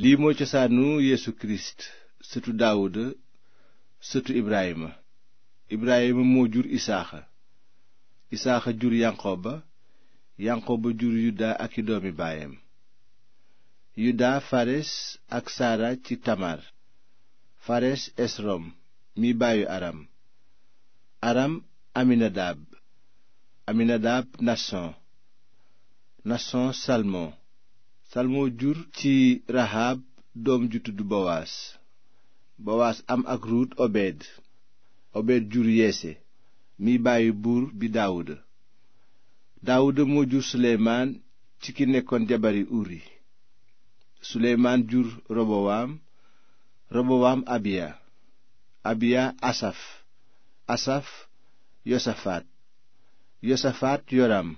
lii mooy cosaanu Yeesu Kirist sëtu Daawuda sëtu Ibrayima Ibrayima moo jur Isaaxa Isaaxa jur Yanqooba Yanqooba jur Yuda ak i doomi baayam Yuda Fares ak Saara ci Tamar Fares Esrom mi baayu Aram Aram Aminadaab Aminadaab Nason Nason Salmon salmo jur ci rahab doom ju tudd bowaas bowaas am ak ruut obed obed jur yeese mi bàyyi buur bi daawuda daawuda moo jur suleymaan ci ki nekkoon jabari uri suleymaan jur robowaam robowaam abiya abiya asaf asaf yosafaat yosafaat yoram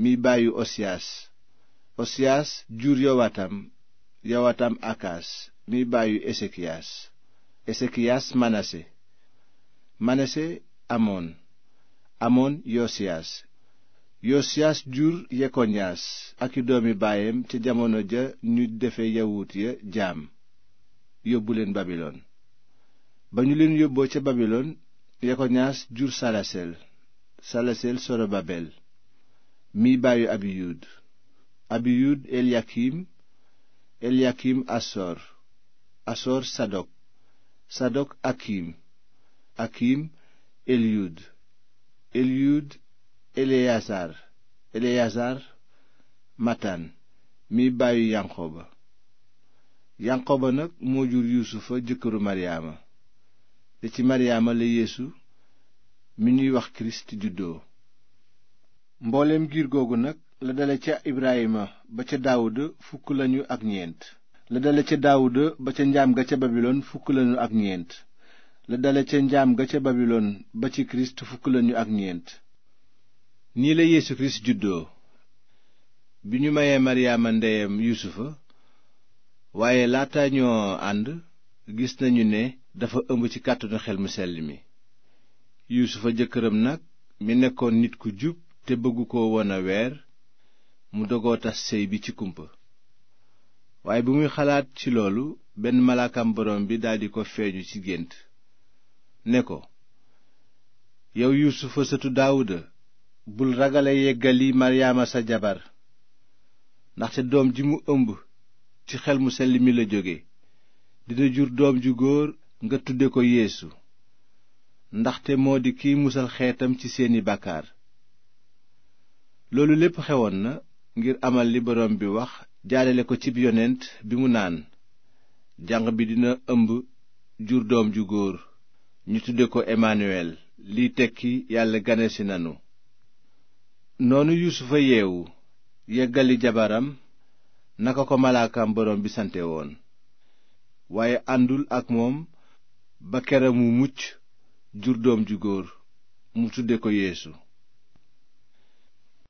mi bàyyi osiyaas osiyaas jur yowatam yowatam akaas mi bàyyu esekiyaas esekiyaas manase manase amoon amoon yosiyaas yosiyaas jur yekoñaas ak i doomi baayam ca jamono ja ñu defe yawut ya jaam yóbbu leen babilon ba ñu leen yóbboo ca babiloon yekoñaas jur salasel salasel sorobabel mi bàyyu abiyud abiyud eliyakim eliyakim asor asor sadok sadok akim akim eliyud eliyud eleyasar eleyasar matan mi bàyyi yanqoba yanqoba nag moo jur yuusufa jëkkëru maryaama te ci maryaama la yeesu mi ñuy wax kirist juddoo mbooleem googu nag la dale ca ibrahima ba ca daawud fukk lañu ak ñeent la dale ca daawud ba ca njaam ga ca babilon fukk lañu ak ñeent la dale ca njaam ga ca babilon ba ci kirist fukk lañu ak ñeent nii la yeesu kirist juddoo bi ñu mayee maryaama ndeyam yuusufa waaye laata ñoo ànd gis nañu ne dafa ëmb ci kàttanu xel mu sell mi yuusufa jëkkëram nag mi nekkoon nit ku jub te bëggu ko woon weer mu dogoo tas sëy bi ci kumpa waaye bi muy xalaat ci loolu benn malaakam borom bi daldi ko feeñu ci gént ne ko yow yuusufa sëtu daawuda bul ragale yeggali maryaama sa jabar ndaxte doom ji mu ëmb ci xel mu sell mi la jóge dina jur doom ju góor nga tudde ko yeesu ndaxte moo di kiy musal xeetam ci seeni bàkkaar loolu lépp xewoon na ngir amal li borom bi wax jaarale ko cib yonent bi mu naan jànq bi dina ëmb jur doom ju góor ñu tudde ko Emmanuel liy tekki yàlla ganesi nanu noonu yuusufa yeewu yeggali jabaram naka ko malaakam borom bi sante woon waaye àndul ak moom ba kera wu mucc jur doom ju góor mu tudde ko yéesu